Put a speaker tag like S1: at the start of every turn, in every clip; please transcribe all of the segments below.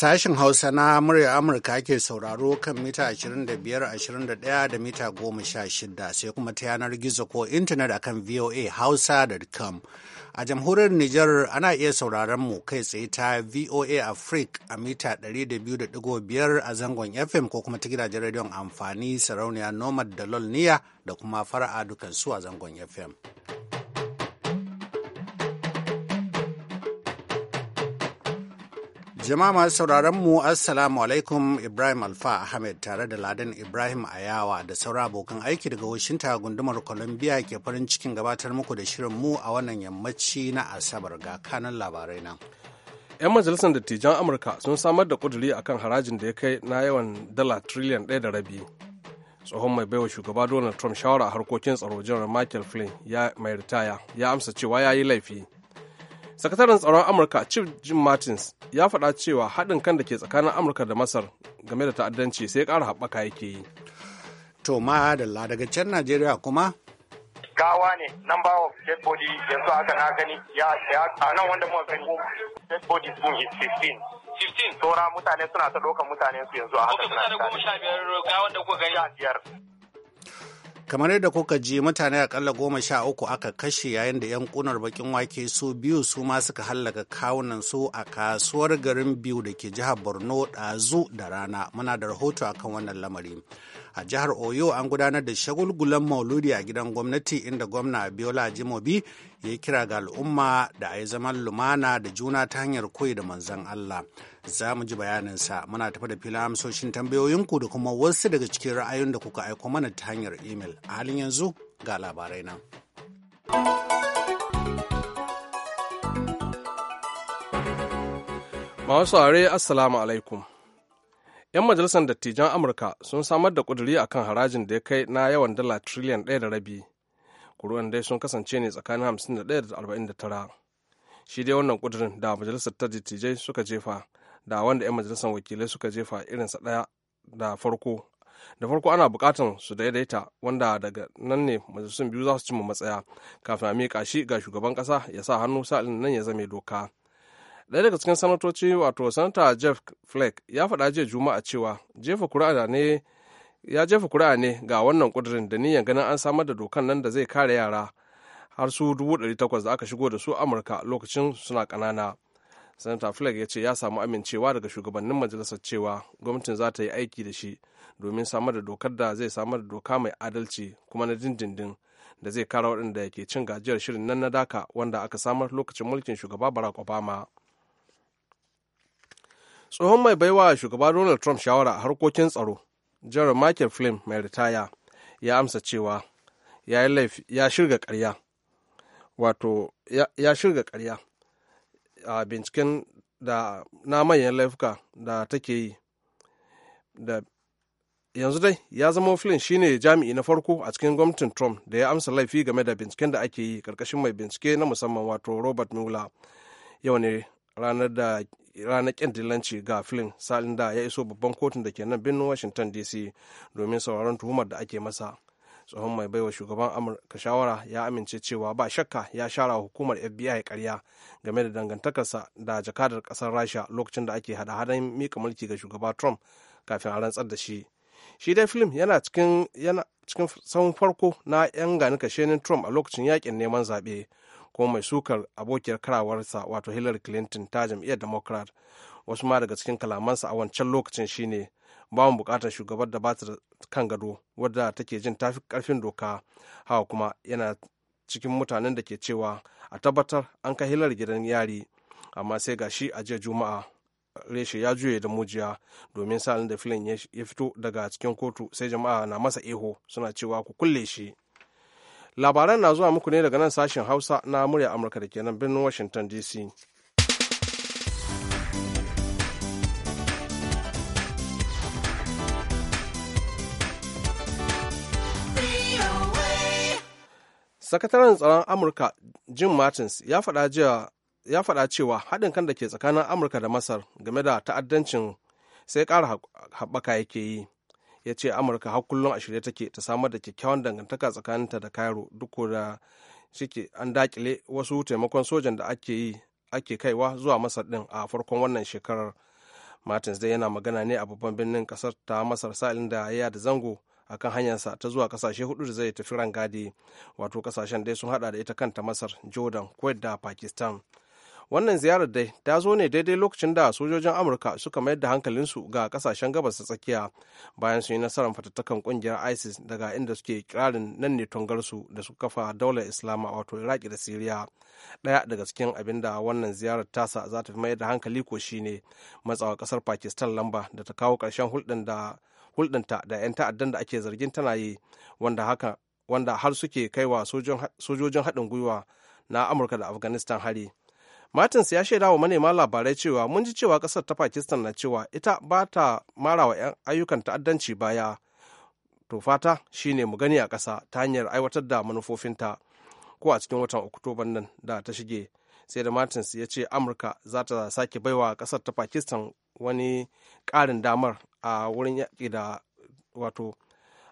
S1: Sashen Hausa na murya Amurka ke sauraro kan mita 25-21 da mita 16 sai kuma ta yanar gizo ko intanet akan voa Hausa.com. A jamhuriyar Nijar ana iya sauraron mu kai tsaye ta VOA Africa a mita 200.5 a zangon FM ko kuma ta gidajen rediyon amfani sarauniya Nomad da Lolniya da kuma fara'a dukansu a zangon FM. Jama'a masu sauraron mu Assalamu alaikum Ibrahim Alfa Ahmed tare da Ladan Ibrahim Ayawa da saura abokan aiki daga washinta gundumar Columbia ke farin cikin gabatar muku da shirin mu a wannan yammaci na Asabar ga kanan labarai
S2: nan. 'Yan majalisar dattijan Amurka sun samar da kuduri akan harajin da ya kai na yawan dala trillion ɗaya da rabi. Tsohon mai baiwa shugaba Donald Trump shawara harkokin tsaro jiran Michael Flynn ya mai ritaya ya amsa cewa ya yi laifi. sakataren tsaron amurka chief jim martins ya faɗa cewa haɗin kan da ke tsakanin amurka da masar game da ta'addanci sai ƙara haɓaka yake yi to ma daga can najeriya kuma
S3: gawa ne nan bawa dead body yanzu aka na gani ya a nan wanda muka gani
S4: dead body sun is 15 15 Tora mutane suna ta ɗaukar mutane
S1: su yanzu a haka suna ta goma da kuka gani kamar yadda kuka ji mutane akalla goma sha uku aka kashe yayin da yan kunar bakin wake su biyu su ma suka hallaka kawunan su a kasuwar garin biyu da ke jihar borno ɗazu da rana muna da rahoto akan wannan lamari a jihar oyo an gudanar da shagulgulan mauludi a gidan gwamnati inda gwamna abiola jimobi ya yi kira ga al'umma da a yi zaman lumana da juna ta hanyar koyi da manzan allah za mu ji bayaninsa muna tafi da filin amsoshin tambayoyinku da kuma wasu daga cikin ra'ayoyin da kuka aiko mana ta hanyar imel a halin yanzu ga labarai nan.
S2: Masu assalamu alaikum. 'Yan majalisar dattijan Amurka sun samar da kuduri akan harajin da ya kai na yawan dala triliyan ɗaya da rabi. Kuruwan dai sun kasance ne tsakanin hamsin da ɗaya da arba'in da tara. Shi dai wannan kudurin da majalisar ta dattijai suka jefa da wanda 'yan majalisar wakilai suka jefa irinsa ɗaya da farko da farko ana bukatan su daidaita wanda daga nan ne majalisun biyu za su cimma matsaya kafin a miƙa shi ga shugaban ƙasa ya sa hannu sa'ilin nan ya zame doka ɗaya daga cikin sanatoci wato sanata jeff flake ya faɗa jiya juma'a cewa jefa kuri'a ne ya jefa kuri'a ne ga wannan ƙudurin da niyyar ganin an samar da dokan nan da zai kare yara har su dubu ɗari 800 da aka shigo da su amurka lokacin suna ƙanana sanata flake ya ce ya samu amincewa daga shugabannin majalisar cewa gwamnatin za ta yi aiki da shi domin samar da dokar da zai samar da doka mai adalci kuma na dindindin da zai kara waɗanda ke cin gajiyar shirin nan na daka wanda aka samar lokacin mulkin shugaba barack obama tsohon mai baiwa shugaba donald trump shawara a harkokin tsaro janar michael flynn mai ritaya ya amsa cewa ya ya shirga karya wato ya shirga karya a binciken da na manyan laifuka da take yi da yanzu dai ya zama flynn shine jami'i na farko a cikin gwamnatin trump da ya amsa laifi game da binciken da ake yi karkashin mai bincike na musamman wato robert mueller yau ne ranar da ranar ƙin dillanci ga flynn salin da ya iso babban kotun da ke nan birnin washington dc domin sauraron tuhumar da ake masa tsohon mai baiwa shugaban amurka shawara ya amince cewa ba shakka ya shara hukumar fbi karya game da dangantakarsa da jakadar kasar rasha lokacin da ake hada-hadan mika mulki ga shugaba trump kafin a rantsar da shi shi dai film yana cikin yana cikin farko na 'yan gani kashenin trump a lokacin yakin neman zaɓe kuma mai sukar abokiyar karawarsa wato hillary clinton ta jam'iyyar democrat wasu ma daga cikin kalamansa a wancan lokacin shine ba mu bukatar shugabar da ba ta kan gado wadda take jin tafi karfin doka hawa kuma yana cikin mutanen da ke cewa a tabbatar an kai hilar gidan yari amma sai ga shi a jiya juma'a reshe ya juye da mujiya domin sa'alin da filin ya fito daga cikin kotu sai jama'a na masa iho suna cewa ku kulle shi labaran na zuwa muku ne daga nan sashen hausa na murya amurka da kenan birnin washington dc sakataren tsaron amurka jim martins ya faɗa cewa haɗin kan da ke tsakanin amurka da masar game da ta'addancin sai ƙara haɓaka yake yi ya ce amurka har kullum a shirye take ta samar da kyakkyawan dangantaka tsakaninta da cairo duk da shike an dakile wasu taimakon sojan da ake yi ake kaiwa zuwa masar din a farkon wannan shekarar martins dai yana magana ne a babban birnin kasar ta masar sa'ilin da ya da zango akan hanyarsa ta zuwa kasashe hudu da zai tafi rangadi wato kasashen dai sun hada da ita kanta masar jordan kuwait da pakistan wannan ziyarar dai ta zo ne daidai lokacin da sojojin amurka suka mayar da hankalinsu ga kasashen gabas ta tsakiya bayan sun yi nasarar fatattakan kungiyar isis daga inda suke kirarin nan ne tungarsu da suka kafa daular islama wato iraki da siriya daya daga cikin abin da wannan ziyarar tasa za ta mayar da hankali ko shine matsawa kasar pakistan lamba da ta kawo karshen hulɗin da hulɗinta da 'yan ta'addan da ake zargin tana yi wanda haka wanda har suke kaiwa sojojin haɗin gwiwa na amurka da afghanistan hari martins ya shaida wa manema labarai cewa mun ji cewa kasar ta pakistan na cewa ita ba ta mara wa 'yan ayyukan ta'addanci baya to fata shine mu gani a ƙasa ta hanyar aiwatar da manufofinta ko a cikin watan oktoban nan da ta shige sai da martins ya ce amurka za ta sake baiwa ƙasar ta pakistan wani ƙarin damar a wurin da wato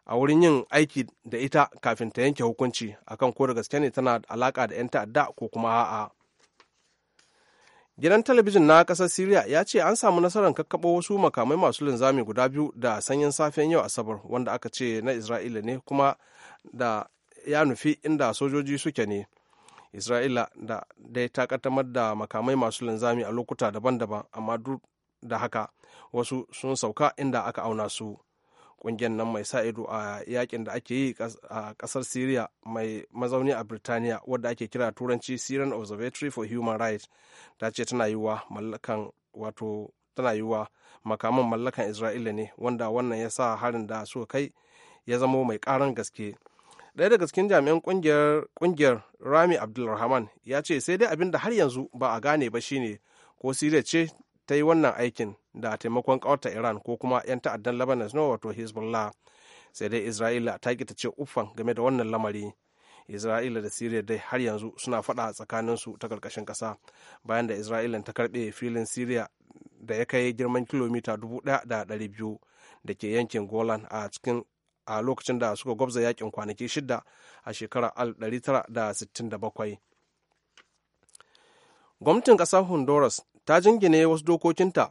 S2: a wurin yin aiki da ita kafin ta yanke hukunci akan ko da gaske ne tana alaka da 'yan ta'adda ko kuma a'a. gidan talabijin na kasar syria ya ce an samu nasarar kakkaɓo wasu makamai masu linzami guda biyu da sanyin safiyan yau asabar wanda aka ce na isra'ila ne kuma da ya nufi inda sojoji suke ne isra'ila da dai ta kaddamar da makamai masu linzami a lokuta daban-daban amma duk da haka wasu sun sauka inda aka auna su ƙungiyar nan mai sa ido a yakin da ake yi a kasar syria mai mazauni a birtaniya wadda ake kira turanci syrian observatory for human rights ta ce tana yiwa mallakan wato tana yiwa makaman mallakan isra'ila ne wanda wannan ya sa harin da suka kai ya zamo mai ƙaran gaske ɗaya daga cikin jami'an kungiyar rami abdulrahman ya ce sai dai abin da har yanzu ba a gane ba shine ko siriya ce ta yi wannan aikin da taimakon ƙawarta iran ko kuma 'yan ta'addan lebanon na wato hezbollah sai dai isra'ila ta ƙi ta ce uffan game da wannan lamari isra'ila da siriya dai har yanzu suna faɗa a tsakaninsu ta karkashin ƙasa bayan da isra'ila ta karbe filin siriya da ya kai girman kilomita 1,200 da ke yankin golan a cikin a lokacin da suka gwabza yakin kwanaki shida a shekarar 1967 gwamnatin ƙasar honduras ta jingine wasu dokokinta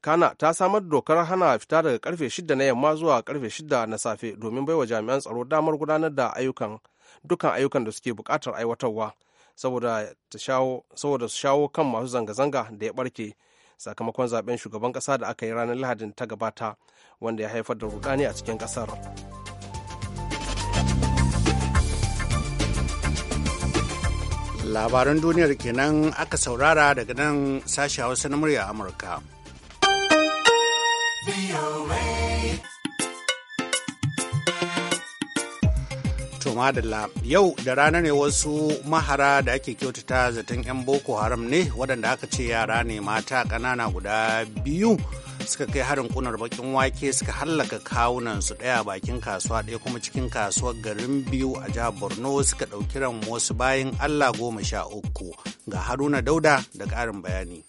S2: kana ta samar da dokar hana fita daga karfe shida na yamma zuwa karfe shida na safe domin baiwa jami'an tsaro damar gudanar da ayyukan dukkan ayyukan da suke bukatar aiwatarwa saboda su shawo kan masu zanga-zanga da ya barke sakamakon zaben shugaban kasa da aka yi ranar lahadin ta gabata wanda ya haifar da rudani a cikin kasar.
S1: labaran duniyar kenan aka saurara daga nan sashi hausa na murya amurka madalla yau da rana ne wasu mahara da ake kyautata zaton 'yan boko haram ne waɗanda aka ce yara ne mata ƙanana guda biyu suka kai harin kunar bakin wake suka hallaka kawunan su daya bakin kasuwa daya kuma cikin kasuwar garin biyu a jihar borno suka ɗauki ran wasu bayan allah goma sha uku ga haruna dauda da ƙarin
S5: bayani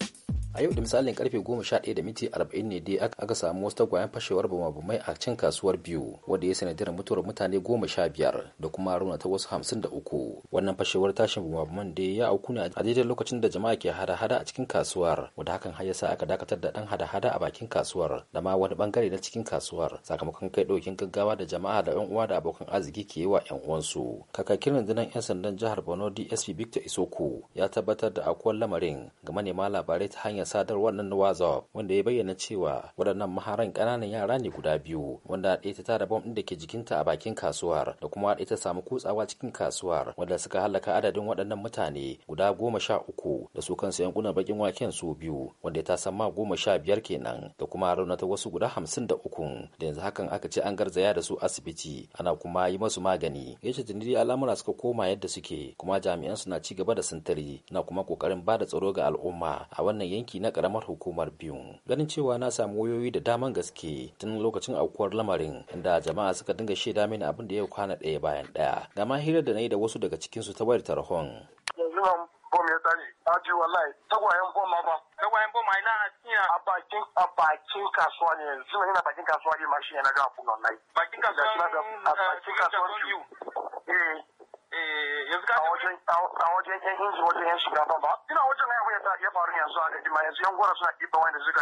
S5: a yau da misalin karfe 11 da miti 40 ne dai aka samu wasu tagwayen fashewar bumabumai a cin kasuwar biyu wanda ya sanadar mutuwar mutane 15 da kuma rauna ta wasu 53 wannan fashewar tashin bumabuman da ya auku ne a daidai lokacin da jama'a ke hada-hada a cikin kasuwar wanda hakan har yasa aka dakatar da dan hada-hada a bakin kasuwar da ma wani bangare na cikin kasuwar sakamakon kai daukin gaggawa da jama'a da yan uwa da abokan arziki ke yi wa yan uwansu kakakin rundunar yan sandan jihar Borno DSP Victor Isoko ya tabbatar da akwai lamarin ga manema labarai ta hanyar hanyar sadarwar na WhatsApp wanda ya bayyana cewa waɗannan maharan ƙananan yara ne guda biyu wanda ɗaya ta tara bom ɗin da ke jikinta a bakin kasuwar da kuma ɗaya ta samu kutsawa cikin kasuwar wanda suka halaka adadin waɗannan mutane guda goma sha uku da su kansu yankunan bakin waken su biyu wanda ya san ma goma sha biyar kenan da kuma raunata wasu guda hamsin da uku da yanzu hakan aka ce an garzaya da su asibiti ana kuma yi masu magani ya ce tuniri al'amura suka koma yadda suke kuma jami'an na ci gaba da sintiri na kuma kokarin ba da tsaro ga al'umma a wannan yanki aiki na karamar hukumar biyu ganin cewa na samu wayoyi da daman gaske tun lokacin aukuwar lamarin inda jama'a suka dinga shaida mini abin da ya kwana daya bayan ɗaya ga ma hirar da na yi da wasu daga cikinsu ta wayar tarhon.
S3: yanzu a bakin a Eh, yanzu ka a wajen yan inji wajen yan shugaban ba ina wajen na yawon ya faru yanzu a ɗin yanzu yan gwara suna ɗiba wanda suka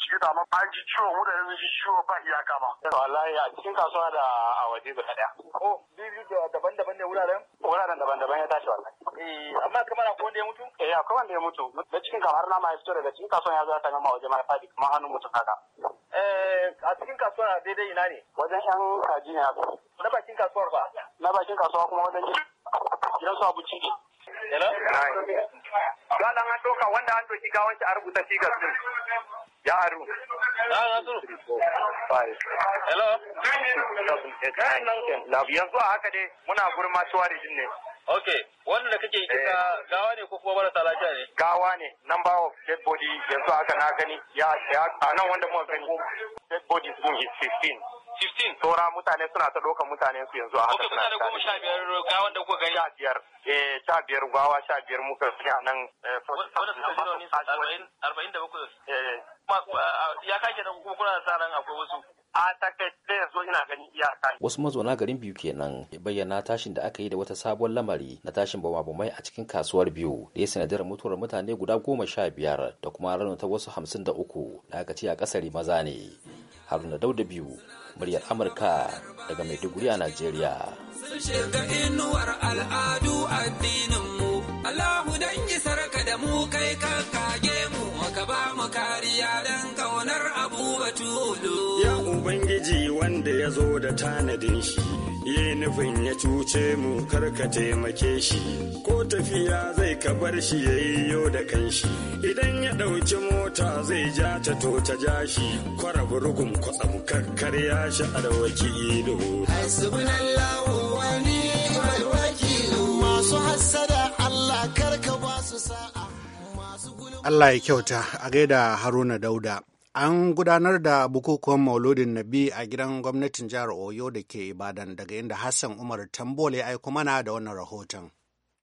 S3: ciki da an ji ciwo mu da yanzu ji ciwo ba iyaka ba. wallahi a cikin kasuwa da a waje guda ɗaya. oh biyu daban-daban ne wuraren. wuraren daban-daban ya tashi wallahi. eh amma kamar akwai wanda ya mutu. eh akwai wanda ya mutu na cikin kamar na ma ya fito daga cikin kasuwa ya zo ya ta gama waje mara fadi kamar hannun mutum haka. Eh, a cikin kasuwar a daidai ina ne wajen yan kaji ne na bakin kasuwar ba na bakin kasuwa kuma wajen gidan su abu ciki ga dan an doka wanda an doki ga shi a rubuta sigar su ya aru ya aru hello na yanzu a haka dai muna gurma tuwari din ne Ok, wannan da kake kika eh. gawa ne ko kuma marasa lafiya ne? Gawa ne, number of dead body yanzu haka na gani, ya a nan wanda muka gani dead body sun 15. 15 tora mutane suna ta ɗaukar mutane su yanzu a haka suna ta goma sha biyar gawan wanda kuka gani sha biyar eh sha biyar gawa sha biyar muka fi a nan
S5: arba'in da bakwai ya kake nan kuma kuna sa akwai wasu a takaice yanzu ina ganin iyaka. Wasu mazauna garin biyu kenan ya bayyana tashin da aka yi da wata sabuwar lamari na tashin bamabamai a cikin kasuwar biyu da ya sanadar mutuwar mutane guda goma sha biyar da kuma ranar ta wasu hamsin da uku da aka ce a kasari maza ne. Haruna Dauda biyu muryar amurka daga maiduguri a najeriya
S3: Allahu dan isar da mu kai ka kage mu maka ba mu kariya dan kaunar abubatu ya zo da tanadin shi yi nufin ya cuce mu karka taimake shi ko tafiya zai ka bar shi ya yi yo da kanshi idan ya ɗauki mota zai ja ta to ta ja shi kwara burgun kwatsam karkar ya shi arwaki ido
S4: masu hassada
S3: Allah
S1: ya kyauta a gaida Haruna Dauda. An gudanar da bukukuwan Mauludin Nabi a gidan gwamnatin jihar Oyo da ke Ibadan daga inda Hassan Umar Tambole aiko mana da wannan rahoton.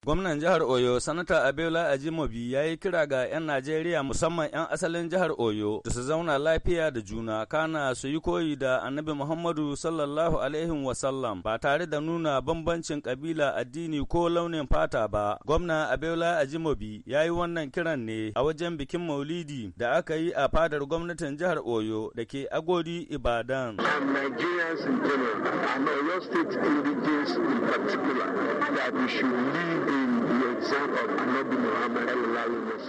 S3: Gwamnan jihar Oyo, Sanata Abiola Ajimobi ya yi kira ga 'yan Najeriya musamman 'yan asalin jihar Oyo da su zauna lafiya da juna, kana su yi koyi da annabi Muhammadu sallallahu Alaihi wasallam ba tare da nuna bambancin kabila addini ko launin fata ba. Gwamna Abiola Ajimobi ya yi wannan kiran ne a wajen bikin maulidi da aka yi a fadar gwamnatin jihar Oyo da ke Agodi Ibadan. and in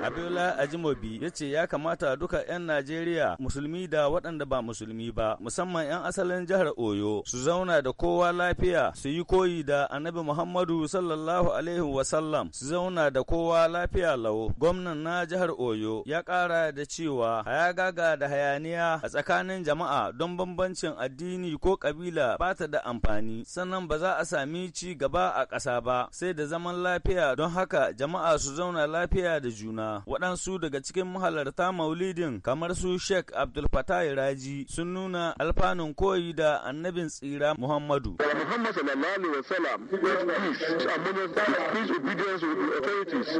S3: Abiola Ajimobi ya ce ya kamata duka 'yan Najeriya musulmi da waɗanda ba musulmi ba musamman 'yan asalin jihar Oyo su zauna da kowa lafiya su yi koyi da annabi Muhammadu sallallahu alaihi wasallam su zauna da kowa lafiya lau. Gwamnan na jihar Oyo ya ƙara da cewa hayagaga da hayaniya a tsakanin jama'a don bambancin addini ko ƙabila ba ta da amfani sannan ba za a sami ci gaba a ƙasa ba sai da zaman lafiya don haka haka jama'a su zauna lafiya da juna. Waɗansu daga cikin mahalarta maulidin kamar su Sheikh Abdul Fatai Raji sun nuna alfanun koyi da annabin tsira Muhammadu.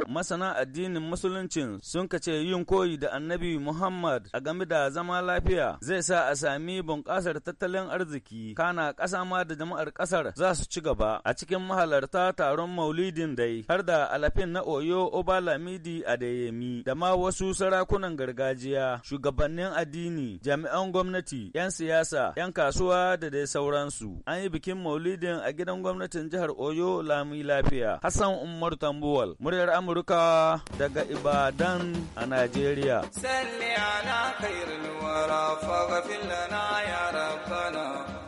S3: Masana addinin musuluncin sun kace yin koyi da annabi Muhammad a game da zama lafiya zai sa a sami bunƙasar tattalin arziki kana kasa ma da jama'ar ƙasar za su ci gaba a cikin mahalarta taron maulidin dai har da alafin na Oyo Obalamidi Adeyemi da ma wasu sarakunan gargajiya, shugabannin addini, jami'an gwamnati, 'yan siyasa, 'yan kasuwa da dai sauransu. An yi bikin maulidin a gidan gwamnatin jihar Oyo Lami Lafiya. Hassan Umar Tambuwal, muryar Amurka daga Ibadan a Najeriya. Salli ala khairul wara faghfir lana ya rabbana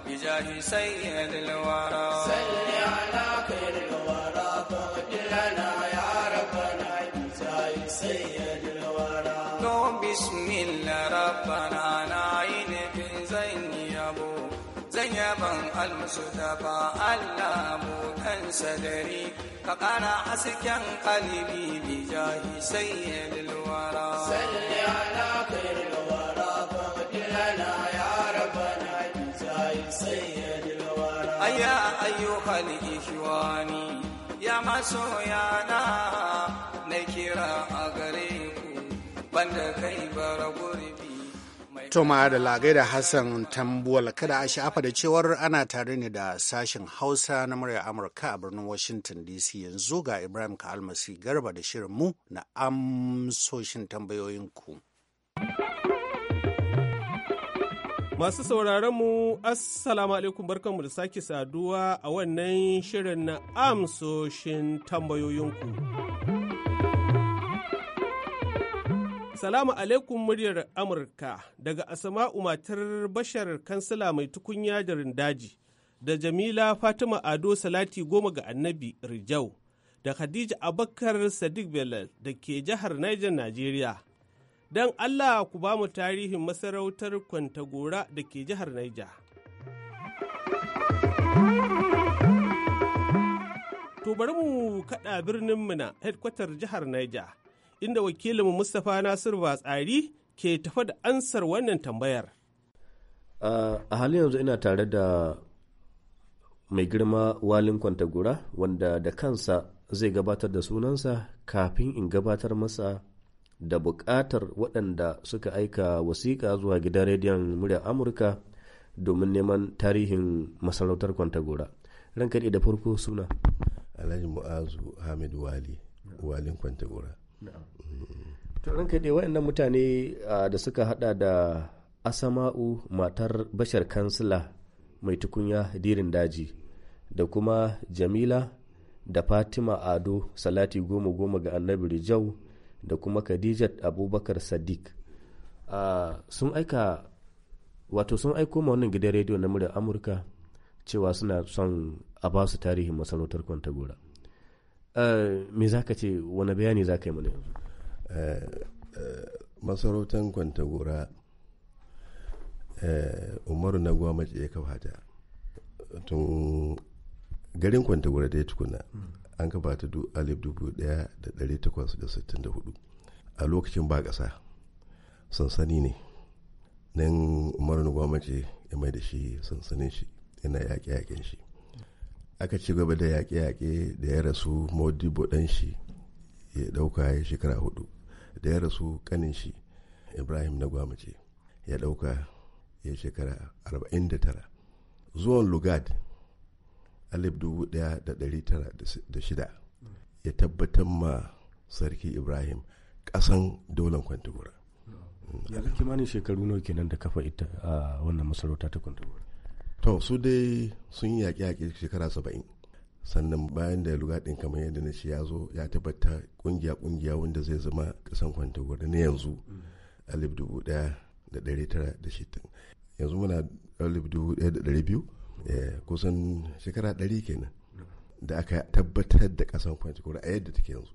S3: bijahi bismillah rabbana na yi nufin zan yi yabo zan yaban almustafa allah kan sadari ka ƙara hasken ƙalibi bi jahi sayyid ya rabbana bi ikhwani ya masoyana na kira a banda
S1: Toma da lagai da Hassan Tambuwal kada a sha'afa da cewar ana tare ne da sashen Hausa na murya Amurka a birnin Washington DC yanzu ga Ibrahim Kalmasi Garba da shirin mu na amsoshin tambayoyinku.
S6: Masu sauraron mu Assalamu alaikum barkanmu da sake saduwa a wannan shirin na amsoshin tambayoyinku. Salamu alaikum muryar Amurka daga Asama'u matar bashar kansila mai tukunya da rindaji da Jamila Fatima Ado Salati goma ga annabi Rijau da Khadija Abakar Sadiq Bello da ke jihar Niger Najeriya. Don Allah ku ba mu tarihin masarautar Kwantagora da ke jihar Niger. To bari mu kaɗa birnin na hedkwatar jihar Niger. inda wakilinmu Mustapha Nasir Batsari ke tafa da ansar wannan tambayar.
S4: a halin yanzu ina tare da mai girma walin kwantagura wanda da kansa zai gabatar da sunansa kafin in gabatar masa da bukatar waɗanda suka aika wasiƙa zuwa gidan rediyon murya amurka domin neman tarihin masarautar kwantagora ranka da farko suna
S7: alhaji mu'azu hamid wali walin kwantagora
S4: to ranka dai waɗannan mutane da suka hada da asama'u matar bashar kansila mai tukunya dirin daji da kuma jamila da fatima ado salati goma goma ga annabi rijau da kuma khadijat abubakar sadiq sun aika wato sun aiko ma wannan gidan rediyo na muryar amurka cewa suna son a basu tarihin masarautar kwantagora Eh, me za ka ce wani bayani za ka yi mana yanzu eh, eh,
S7: masarautar kwantagora umaru na goma ce ya kafa ta tun garin kwantagora da ya tukuna an kafa ta alif dubu daya da dari takwas da sittin da hudu a lokacin ba ƙasa sansani ne nan umaru na goma ce ya mai da shi sansanin shi yana yaƙe-yaƙen shi aka ci gaba da yaƙe-yaƙe da ya rasu modibo ɗan shi ya ɗauka ya shekara hudu da ya rasu kanin shi ibrahim na gwamace ya ɗauka ya shekara arba'in da tara. zuwan lugard alif dubu ɗaya da da tara shida ya tabbatar ma sarki ibrahim ƙasan daular kwantagora
S4: yanzu kimanin shekaru nawa kenan da kafa ita a wannan masarauta ta kwantagora
S7: to su dai sun yi yaƙe-yaƙe shekara saba'in sannan bayan da ɗin kamar yadda na shi ya zo ya tabbata ƙungiya-ƙungiya wanda zai zama ƙasan gwada na yanzu alif dubu ɗaya da ɗari tara da shittin yanzu muna alif dubu ɗaya da ɗari biyu eh, kusan shekara ɗari kenan da aka tabbatar da ƙasan gwada a yadda take yanzu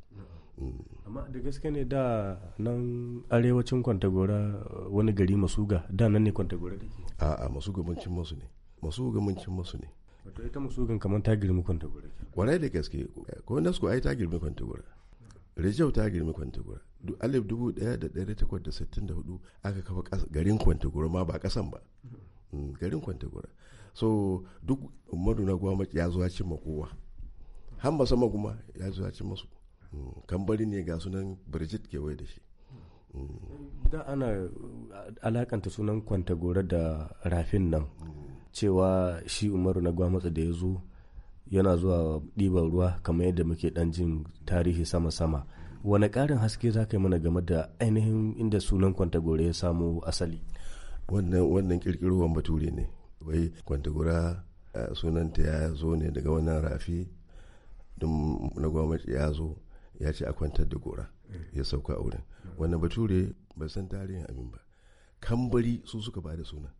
S4: mm. amma da gaske ne da nan arewacin kwantagora wani gari masuga da nan ne kwantagora da ke a'a masuga bancin masu ne
S7: masu gamancin masu ne wato ita masu gan kamar ta girmi kwanta gura kwarai da gaske ko na su ai ta girmi kwanta gura rijau ta girmi kwantagura duk alif dubu daya da ɗari takwas da sittin da hudu aka kafa garin kwantagura ma ba kasan ba mm, garin kwantagura so duk maduna gwamma ya zuwa cin makowa ba sama kuma ya zuwa cin masu mm, kambari ne ga sunan birgit kewaye da shi
S4: mm. da ana alakanta sunan kwantagora da rafin nan cewa shi umaru na gwamnati da ya zo yana zuwa ɗiban ruwa kamar yadda muke ɗan jin tarihi sama-sama wani ƙarin haske za ka yi mana game da ainihin
S7: inda sunan kwantagora ya samu asali wannan wannan bature ne wai kwantagora sunanta ya zo ne daga wannan rafi don na gwamnati ya zo ya ce a kwantar da gora ya sauka a wurin wannan bature ba san tarihin abin ba kambari su suka ba da sunan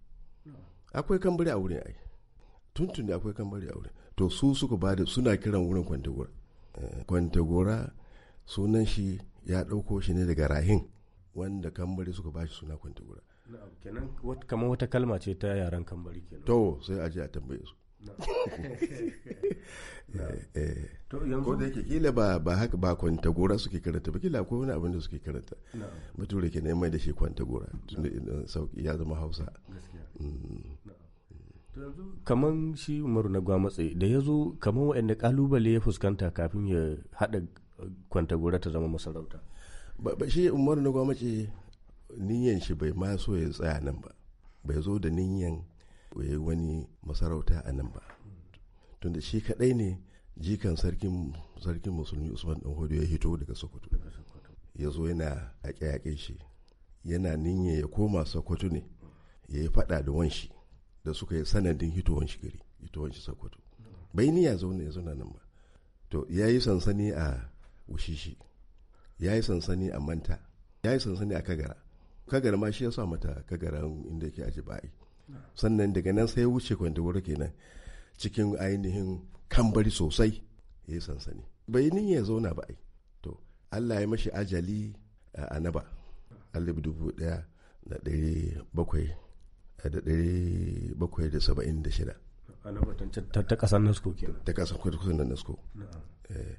S7: akwai kambari a wurin ai da akwai kambari a wurin to su suka ba da suna kiran wurin kwantagora eh, kwantagora sunan shi ya ɗauko shi ne daga rahin wanda kambari suka ba shi suna kwantagora
S4: kenan kamar wata kalma ce ta yaren kambari kenan to
S7: sai a je a tambaye su
S4: Eh, eh. ko
S7: da yake kila ba ba haka ba kwanta gora suke karanta ba kila akwai wani abin da suke karanta bature ke neman da shi kwanta gora tunda sauki ya zama hausa
S4: mm. kaman shi umaru na gwamatse da ya zo kaman waɗanda kalubale ya fuskanta kafin
S7: ya haɗa kwanta gora ta zama masarauta ba shi umaru na gwamace niyan shi bai ma so ya tsaya nan ba bai zo da niyan yi wani masarauta a nan ba tunda shi kaɗai ne jikan sarkin sarkin musulmi usman dan hudu ya hito daga sokoto ya zo yana yaƙe-yaƙen shi yana ninye ya koma sokoto ne ya yi faɗa da wanshi da suka yi sanadin hitowar shi gari hitowar shi sokoto bai ni ya zauna ya zauna nan ba to ya yi sansani a wushishi ya yi sansani a manta ya yi sansani a kagara kagara ma shi ya sa mata kagaran inda yake aji ba'i sannan daga nan sai wuce kwandagoro kenan cikin ainihin kambari sosai ya yi sansani bai ni ya zauna ba ai to allah ya mashi ajali a anaba alif dubu daya da dari bakwai da dari bakwai da saba'in da shida anaba ta kasan nasko ke. ta kasar kusan na nasko eh,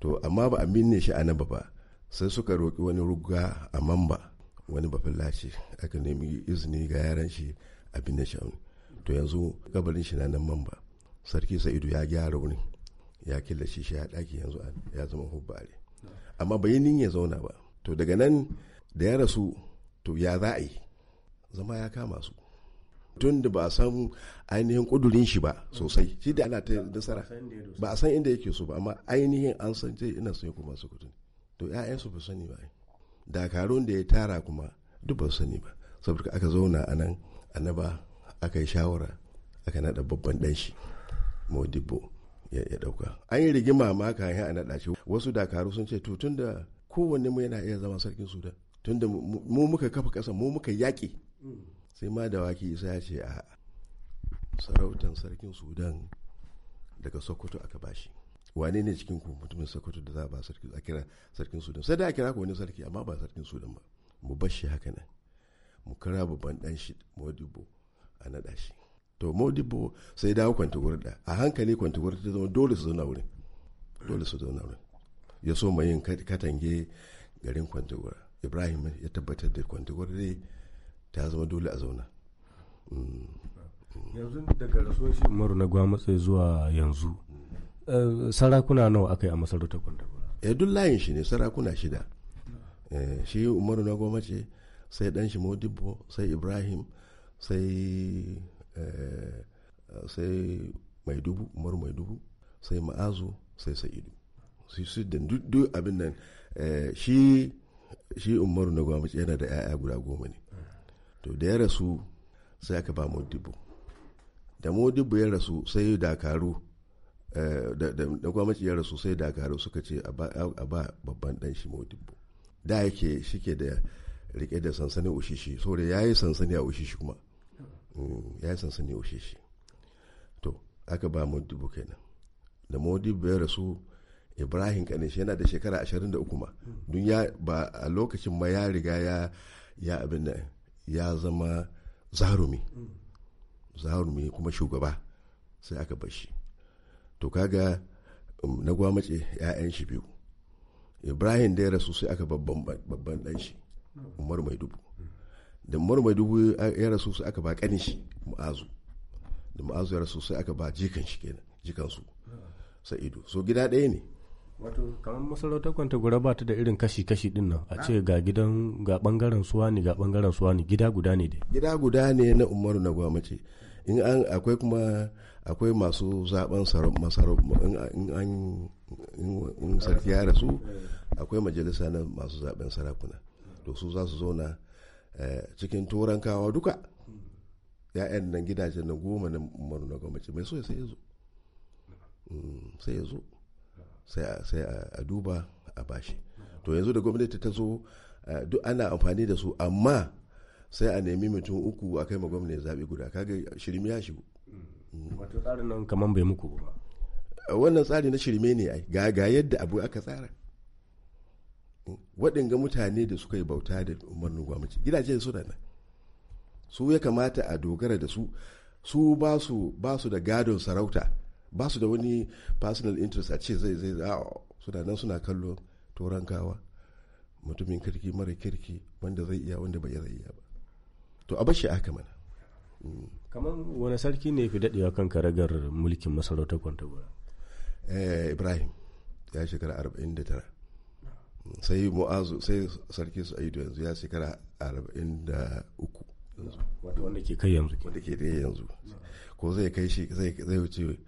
S7: to amma ba a binne shi anaba ba sai suka roƙi wani ruga a mamba wani bafin lashe aka nemi izini ga yaran shi abin da sha'ani to yanzu kabarin shi na nan ba. sarki sa'idu ya gyara wurin ya killace shi ya daki yanzu ya zama hubbare amma bai ya zauna ba to daga nan da ya rasu to ya za a yi zama ya kama su tun da ba a san ainihin kudurin shi ba sosai shi da ana ta nasara ba a san inda yake so ba amma ainihin an san ce ina so ya kuma su kudu to su ba sani ba dakarun da ya tara kuma duk ba sani ba saboda aka zauna a nan annaba aka yi shawara aka naɗa babban dan shi modibo ya ɗauka an yi rigima ma kayan a naɗa shi wasu dakaru sun ce to tunda kowanne mu yana iya zama sarkin sudan tunda mu muka kafa ƙasa mu muka yaƙi sai ma da isa ya ce a sarautan sarkin sudan daga sokoto aka bashi wane ne cikin ku mutumin sokoto da za a ba a kira sarkin sudan sai da a kira ku wani sarki amma ba sarkin sudan ba mu bashi haka nan mu kira babban dan shi modibo a naɗa shi to modibo sai dawo da a hankali kwantagurda ta zama dole su zauna wurin dole su zauna wurin ya so mai yin katange garin kwantagura ibrahim ya tabbatar da kwantagura dai ta zama dole a zauna mm. yanzu daga rasuwar shi
S4: umaru na gwamnati zuwa yanzu eh, sarakuna nawa aka yi a
S7: masarautar kwantagura ya eh, duk layin shi ne sarakuna shida eh, shi umaru na gwamnati sai dan shi modibo sai ibrahim sai eh, sai mai dubu umar mai dubu sai ma'azu sai sa'idu su su da duk abin nan eh, shi shi umaru na gwamnati yana da 'ya'ya guda goma ne to da ya rasu sai aka ba modibo da modibo ya rasu sai dakaru eh, da gwamnati ya rasu sai dakaru suka ce a ba babban dan shi modibo da yake shike da rike da sansanin ushishi saboda ya yi sansani a ushishi kuma mm, ya yi sansani a ushishi to aka ba modibo kenan da modibo ya rasu ibrahim kanishi yana da shekara 23 ma don ya ba a lokacin ma ya riga ya ya abin da ya zama zarumi zarumi kuma shugaba sai aka bar shi to kaga um, na gwamace 'ya'yan shi biyu ibrahim da ya rasu sai aka babban dan shi umaru mai dubu da umaru mai dubu ya rasu sai aka ba kanin shi mu'azu da mu'azu ya rasu sai aka ba jikan shi kenan jikan su sa'idu so gida ɗaya ne
S4: wato kamar masarautar gura ba ta da irin kashi-kashi din nan a ce ga gidan ga bangaren
S7: suwa ne ga bangaren suwa ne gida guda ne dai gida guda ne na umaru na gwamnati in an akwai kuma akwai masu zaben in an sarki ya rasu akwai majalisa na masu zaben sarakuna to su za su zauna eh, cikin turankawa duka ya'yan nan gidajen na goma na umaru na gwamnati mai so ya mm, sai ya zo sai ya zo sai a duba a bashi to yanzu da gwamnati ta zo eh, duk ana amfani da su amma sai a nemi mutum uku a kai ma gwamnati zaɓe guda kaga shirme ya shigo
S4: mm. wato tsarin nan
S7: kamar bai muku ba wannan tsari na shirme ne ga yadda abu aka tsara waɗanga mutane da suka yi bauta da umarnin gwamnati gidajen suna nan su ya kamata a dogara da su su ba su da gadon sarauta ba su da wani personal interest a ce zai zai suna nan suna kallon turan gawa mutumin kirki mara kirki wanda zai iya wanda bai zai iya ba to a bashi aka mana
S4: mm. kamar wani sarki ne
S7: fi daɗewa kan karagar mulkin masarautar kwantagora eh, ibrahim ya shekara 49 sai mu'azu sai sarki su aido yanzu ya shekara arba'in da uku wanda ke kai yanzu wanda ke kai yanzu ko zai kai shi zai wuce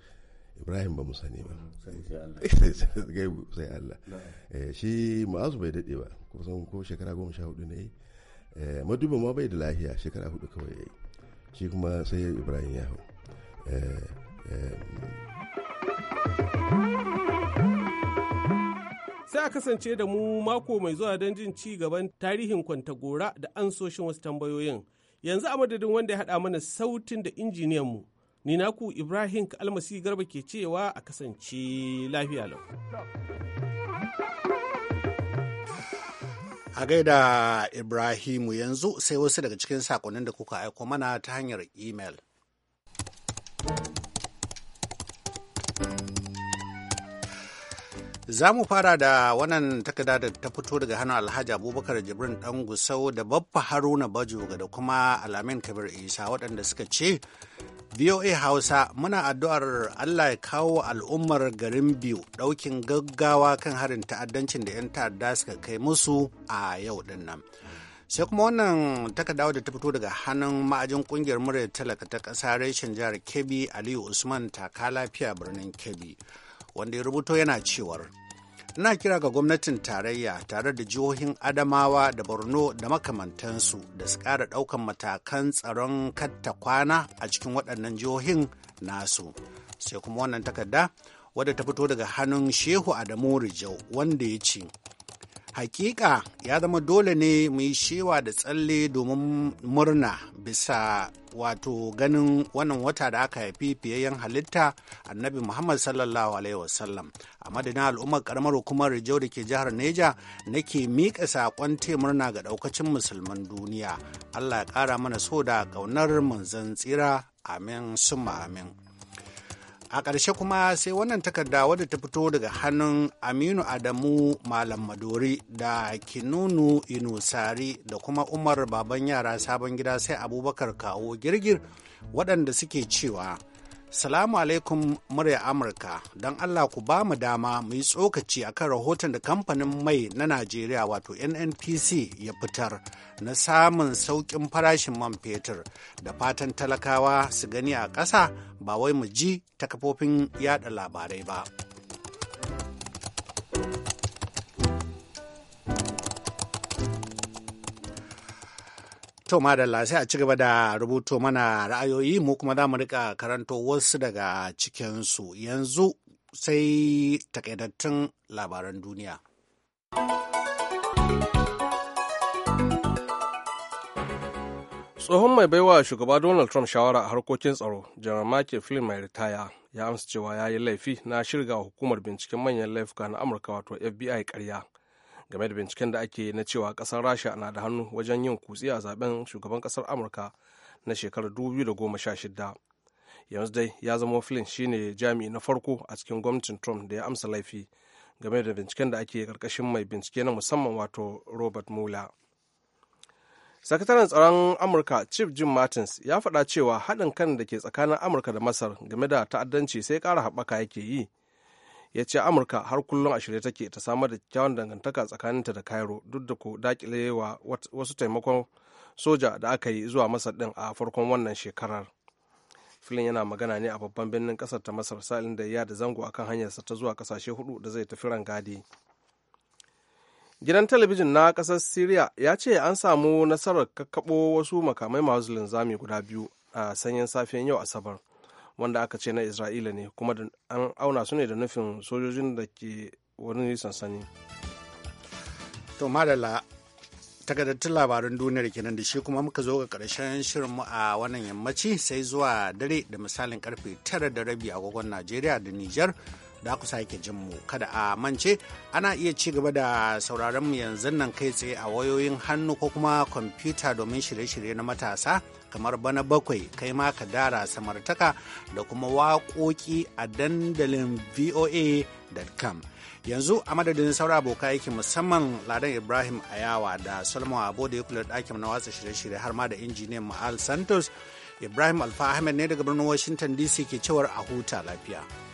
S7: ibrahim ba musani sani ba mm, sai allah eh, shi mu'azu bai daɗe ba kusan ko shekara goma sha hudu ne eh, madubin ma bai da lahiya shekara hudu kawai ya yi shi kuma sai ibrahim ya hau eh,
S6: sai a kasance da mu mako mai zuwa don jin ci gaban tarihin kwantagora da ansoshin wasu tambayoyin yanzu a madadin wanda ya haɗa mana sautin da injiniyan mu ni naku ibrahim almasi garba ke cewa a kasance lafiya lau a gaida ibrahimu
S1: yanzu sai wasu daga cikin sakonnin da kuka aiko mana ta hanyar imel. Za mu fara da wannan takarda da ta fito daga hannun Alhaji Abubakar Jibrin Dan Gusau da Baffa Haruna Bajoga da kuma Alamin Kabir Isa waɗanda suka ce VOA Hausa muna addu'ar Allah ya kawo al'ummar garin biyu ɗaukin gaggawa kan harin ta'addancin da 'yan ta'adda suka kai musu a yau dinnan. sai kuma wannan takarda da ta fito daga hannun ma'ajin kungiyar murya talaka ta ƙasa reshen jihar kebbi aliyu usman taka lafiya birnin kebbi wanda ya rubuto yana cewar ina kira ga gwamnatin tarayya tare da jihohin adamawa da borno da makamantansu da su ƙara ɗaukan matakan tsaron katta kwana a cikin waɗannan jihohin nasu sai kuma wannan takarda wadda ta fito daga hannun shehu adamu rijau wanda ya ce Hakika ya zama dole ne mu yi shewa da tsalle domin murna bisa wato ganin wannan wata da aka haifi fiyayyen halitta annabi Muhammad sallallahu Alaihi wasallam. A madadin al'ummar karamar hukumar Rijau da ke jihar Neja nake miƙa saƙon te murna ga ɗaukacin musulman duniya. Allah ya ƙara mana so da ƙaunar manzan tsira. Amin summa amin. a ƙarshe kuma sai wannan takarda wadda ta fito daga hannun aminu adamu malam madori da kinunu inusari da kuma umar baban yara sabon gida sai abubakar kawo girgir waɗanda suke cewa Salamu alaikum murya Amurka, don Allah ku ba mu dama mu yi tsokaci a kan rahoton da kamfanin mai na Najeriya wato NNPC ya fitar na samun sauƙin farashin man fetur da fatan talakawa su gani a ƙasa ba wai mu ji ta kafofin yada labarai ba. To madalla sai a cigaba da rubuto mana ra'ayoyi mu kuma za mu rika karanto wasu daga cikinsu yanzu sai takaitattun labaran duniya.
S2: tsohon mai baiwa shugaba donald trump shawara a harkokin tsaro General michael flynn mai ritaya ya amsa cewa ya yi laifi na shirga hukumar binciken manyan laifuka na amurka wato fbi karya game da binciken da ake na cewa kasar rasha na da hannu wajen yin kutsi a zaben shugaban kasar amurka na shekarar 2016 yanzu dai ya zama flynn shine jami'i na farko a cikin gwamnatin trump da ya amsa laifi game da binciken da ake karkashin mai bincike na musamman wato robert mueller sakataren tsaron amurka chief jim martins ya faɗa cewa haɗin kan da ke tsakanin amurka da masar game da ta'addanci sai kara haɓaka yake yi ya ce amurka har kullum a shirye take ta samar da kyawun dangantaka tsakaninta da cairo duk da ko dakile wa wasu taimakon soja da aka yi zuwa masar din a farkon wannan shekarar filin yana magana ne a babban birnin kasar ta masar sa'ilin da ya da zango akan hanyarsa ta zuwa kasashe hudu da zai tafi rangadi gidan talabijin na kasar syria ya ce an samu nasarar kakkaɓo wasu makamai masu linzami guda biyu a sanyin safiyan yau asabar wanda aka ce na isra'ila ne kuma an auna su ne da nufin sojojin da ke wani sansani to madala takardattun labaran duniyar
S1: kenan da shi kuma muka zo ga karshen shirinmu a wannan yammaci sai zuwa dare da misalin karfe tara da rabi agogon najeriya da nijar da ku sake jin mu kada a mance ana iya ci gaba da sauraron mu yanzu nan kai tsaye a wayoyin hannu ko kuma kwamfuta domin shirye-shirye na matasa kamar bana bakwai kai ma ka dara samartaka da kuma waƙoƙi a dandalin voa.com yanzu a madadin saura aboka aiki musamman ladan ibrahim ayawa da solomon abo da ya kula ɗakin na watsa shirye-shirye har ma da injiniyan ma'al santos ibrahim alfa ahmed ne daga birnin washinton dc ke cewar a huta lafiya